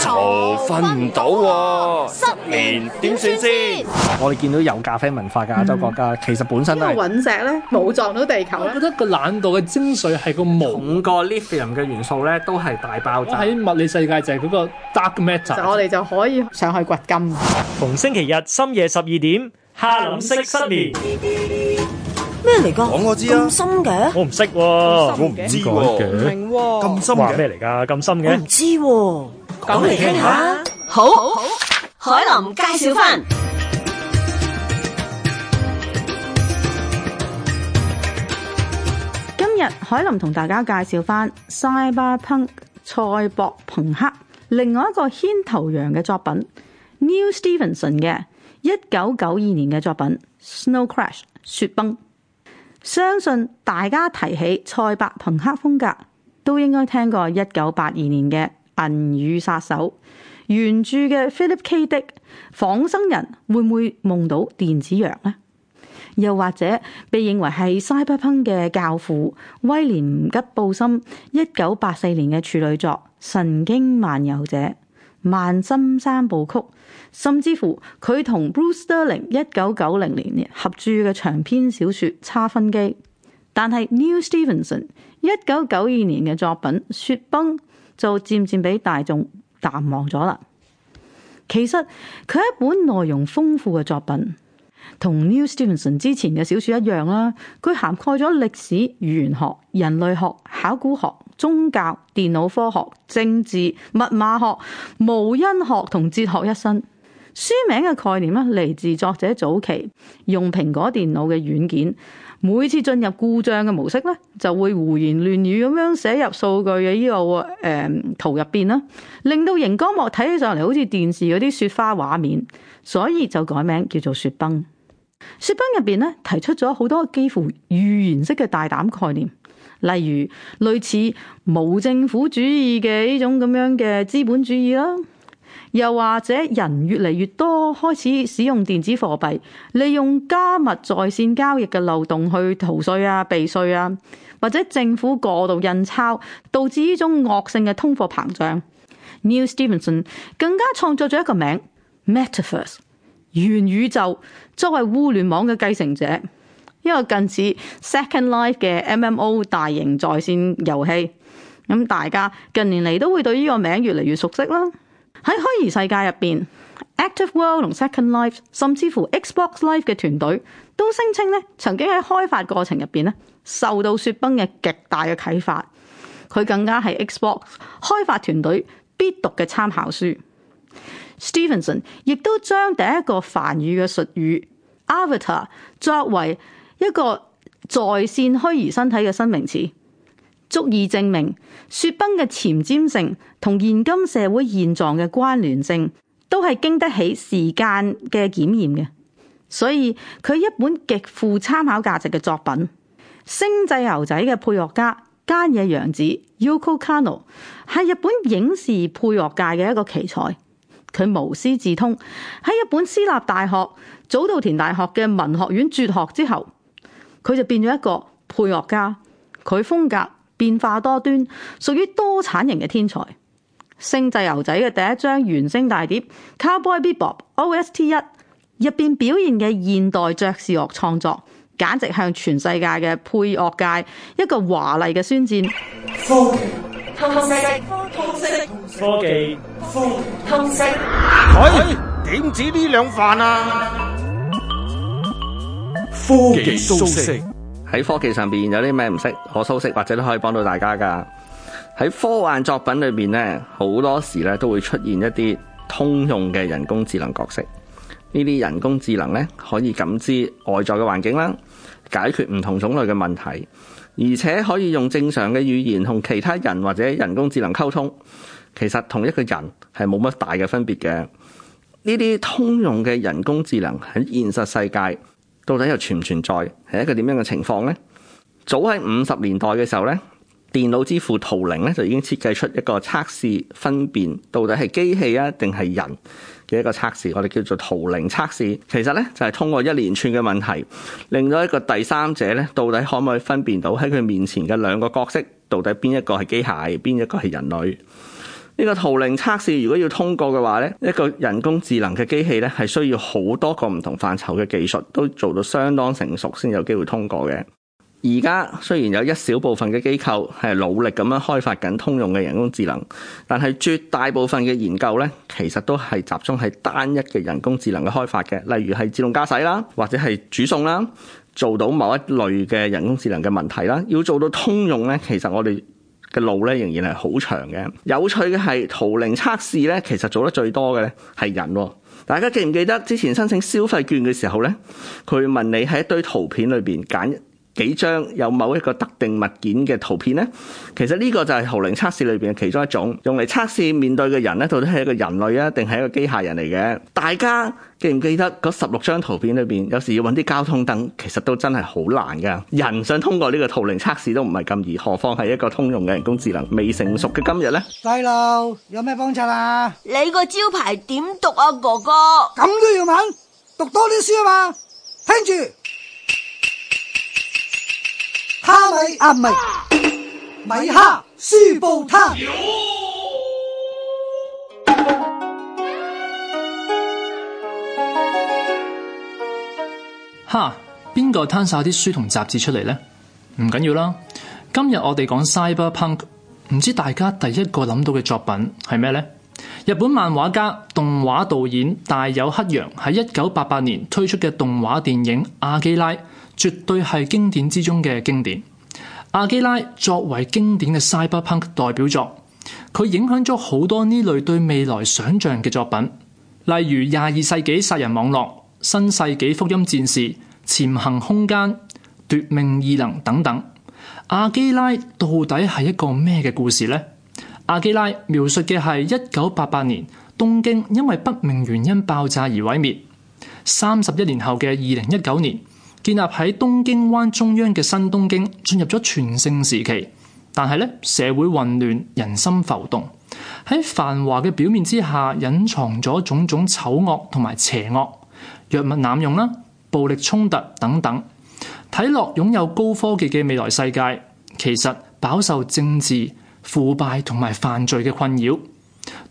就瞓唔到失眠，點算先？我哋見到有咖啡文化嘅亞洲國家，其實本身都係。隕石咧，冇撞到地球咧。我覺得個難度嘅精髓係個重過 lithium 嘅元素咧，都係大爆炸。喺物理世界就係嗰個 dark matter。我哋就可以上去掘金。逢星期日深夜十二點，黑色失眠。咩嚟噶？講我知。咁深嘅？我唔識，我唔知嘅。咁深嘅？話咩嚟噶？咁深嘅？我唔知。講嚟聽下，好，好，好。海林介紹翻。今日海林同大家介紹翻 Cyberpunk 賽博朋克，另外一個牽頭羊嘅作品，Neal Stephenson 嘅一九九二年嘅作品《Snow Crash》雪崩。相信大家提起賽博朋克風格，都應該聽過一九八二年嘅。銀翼殺手原著嘅 Philip K. Dick，仿生人會唔會夢到電子羊呢？又或者被認為係 Cyberpunk 嘅教父威廉吉布森一九八四年嘅處女作《神經漫遊者》、《蔓生三部曲》，甚至乎佢同 Bruce Sterling 一九九零年合著嘅長篇小說《差分機》，但係 Neal Stephenson 一九九二年嘅作品《雪崩》。就漸漸俾大眾淡忘咗啦。其實佢一本內容豐富嘅作品，同 Neal Stephenson 之前嘅小説一樣啦，佢涵蓋咗歷史、語言學、人類學、考古學、宗教、電腦科學、政治、密碼學、無因學同哲學一身。書名嘅概念咧，嚟自作者早期用蘋果電腦嘅軟件，每次進入故障嘅模式咧，就會胡言亂語咁樣寫入數據嘅呢、這個誒、嗯、圖入邊啦，令到熒光幕睇起上嚟好似電視嗰啲雪花畫面，所以就改名叫做雪崩《雪崩》。《雪崩》入邊咧，提出咗好多幾乎預言式嘅大膽概念，例如類似無政府主義嘅呢種咁樣嘅資本主義啦。又或者人越嚟越多，開始使用電子貨幣，利用加密在線交易嘅漏洞去逃稅啊、避稅啊，或者政府過度印鈔導致呢種惡性嘅通貨膨脹。Neal Stephenson 更加創作咗一個名 Metaverse 元宇宙，作為互聯網嘅繼承者。一個近似 Second Life 嘅 MMO 大型在線遊戲，咁大家近年嚟都會對呢個名越嚟越熟悉啦。喺虛擬世界入面 Active World 同 Second Life，甚至乎 Xbox Live 嘅團隊都聲稱咧，曾經喺開發過程入面咧受到雪崩嘅極大嘅啟發。佢更加係 Xbox 開發團隊必讀嘅參考書。Stevenson 亦都將第一個梵語嘅術語 Avatar 作為一個在線虛擬身體嘅新名詞。足以證明雪崩嘅前瞻性同現今社會現狀嘅關聯性，都係經得起時間嘅檢驗嘅。所以佢一本極富參考價值嘅作品《星際牛仔的配樂家》嘅配樂家菅野洋子 Yoko Kanno 係日本影視配樂界嘅一個奇才。佢無師自通喺日本私立大學早稻田大學嘅文學院輟學之後，佢就變咗一個配樂家。佢風格變化多端，屬於多產型嘅天才。星際牛仔嘅第一張原聲大碟《Cowboy Bebop OST 一》入邊表現嘅現代爵士樂創作，簡直向全世界嘅配樂界一個華麗嘅宣戰。科技，科技，科技，科技，點止呢兩飯啊？科技舒適，喺科技上邊有啲咩唔識，可收識或者都可以幫到大家噶。喺科幻作品裏邊咧，好多時咧都會出現一啲通用嘅人工智能角色。呢啲人工智能咧可以感知外在嘅環境啦，解決唔同種類嘅問題，而且可以用正常嘅語言同其他人或者人工智能溝通。其實同一個人係冇乜大嘅分別嘅。呢啲通用嘅人工智能喺現實世界。到底又存唔存在，係一個點樣嘅情況呢？早喺五十年代嘅時候呢，電腦之父圖靈咧就已經設計出一個測試，分辨到底係機器啊定係人嘅一個測試，我哋叫做圖靈測試。其實呢，就係通過一連串嘅問題，令到一個第三者呢，到底可唔可以分辨到喺佢面前嘅兩個角色到底邊一個係機械，邊一個係人類。呢個圖靈測試如果要通過嘅話咧，一個人工智能嘅機器咧，係需要好多個唔同範疇嘅技術都做到相當成熟先有機會通過嘅。而家雖然有一小部分嘅機構係努力咁樣開發緊通用嘅人工智能，但係絕大部分嘅研究咧，其實都係集中喺單一嘅人工智能嘅開發嘅，例如係自動駕駛啦，或者係煮餸啦，做到某一類嘅人工智能嘅問題啦。要做到通用咧，其實我哋嘅路咧仍然係好長嘅。有趣嘅係，圖靈測試咧其實做得最多嘅咧係人喎。大家記唔記得之前申請消費券嘅時候咧，佢問你喺一堆圖片裏邊揀一幾張有某一個特定物件嘅圖片呢？其實呢個就係圖靈測試裏邊嘅其中一種，用嚟測試面對嘅人呢，到底係一個人類啊，定係一個機械人嚟嘅？大家記唔記得嗰十六張圖片裏邊，有時要揾啲交通燈，其實都真係好難噶。人想通過呢個圖靈測試都唔係咁易，何況係一個通用嘅人工智能未成熟嘅今日呢？細路，有咩幫襯啊？你個招牌點讀啊，哥哥？咁都要問？讀多啲書啊嘛，聽住。哈米阿米米哈書布攤哈，邊個攤晒啲書同雜誌出嚟咧？唔緊要啦。今日我哋講 cyberpunk，唔知大家第一個諗到嘅作品係咩咧？日本漫畫家、動畫導演大友克洋喺一九八八年推出嘅動畫電影《阿基拉》。絕對係經典之中嘅經典。阿基拉作為經典嘅 cyberpunk 代表作，佢影響咗好多呢類對未來想象嘅作品，例如廿二世紀殺人網絡、新世紀福音戰士、潛行空間、奪命異能等等。阿基拉到底係一個咩嘅故事呢？阿基拉描述嘅係一九八八年東京因為不明原因爆炸而毀滅，三十一年後嘅二零一九年。建立喺東京灣中央嘅新東京進入咗全盛時期，但係咧社會混亂、人心浮動，喺繁華嘅表面之下隱藏咗種種醜惡同埋邪惡，藥物濫用啦、暴力衝突等等。睇落擁有高科技嘅未來世界，其實飽受政治腐敗同埋犯罪嘅困擾。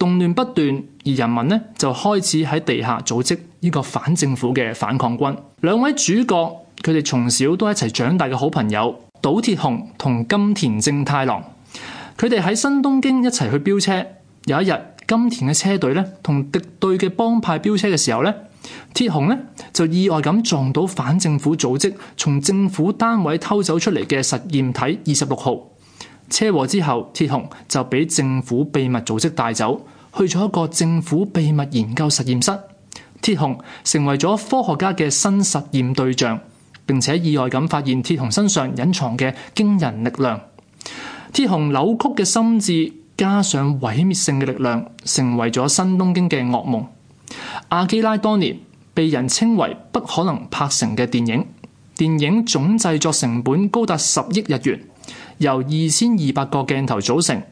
動亂不斷，而人民呢，就開始喺地下組織呢個反政府嘅反抗軍。兩位主角佢哋從小都一齊長大嘅好朋友，島鐵雄同金田正太郎，佢哋喺新東京一齊去飆車。有一日，金田嘅車隊咧同敵對嘅幫派飆車嘅時候咧，鐵雄咧就意外咁撞到反政府組織從政府單位偷走出嚟嘅實驗體二十六號。車禍之後，鐵雄就被政府秘密組織帶走，去咗一個政府秘密研究實驗室。鐵雄成為咗科學家嘅新實驗對象，並且意外咁發現鐵雄身上隱藏嘅驚人力量。鐵雄扭曲嘅心智加上毀滅性嘅力量，成為咗新東京嘅噩夢。阿基拉當年被人稱為不可能拍成嘅電影，電影總製作成本高達十億日元。由二千二百個鏡頭組成，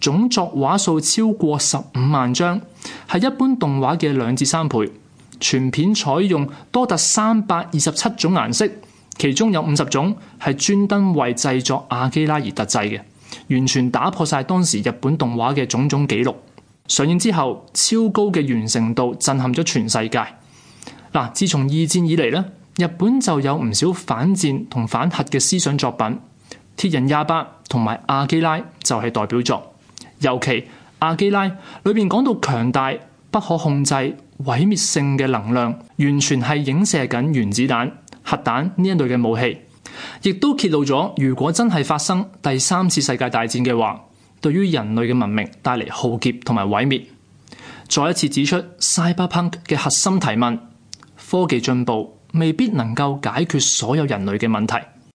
總作畫數超過十五萬張，係一般動畫嘅兩至三倍。全片採用多達三百二十七種顏色，其中有五十種係專登為製作《阿基拉》而特製嘅，完全打破晒當時日本動畫嘅種種紀錄。上映之後，超高嘅完成度震撼咗全世界。嗱，自從二戰以嚟呢，日本就有唔少反戰同反核嘅思想作品。鐵人廿八同埋阿基拉就係代表作，尤其阿基拉裏面講到強大不可控制毀滅性嘅能量，完全係影射緊原子彈、核彈呢一類嘅武器，亦都揭露咗如果真係發生第三次世界大戰嘅話，對於人類嘅文明帶嚟浩劫同埋毀滅。再一次指出《Cyberpunk》嘅核心提問：科技進步未必能夠解決所有人類嘅問題。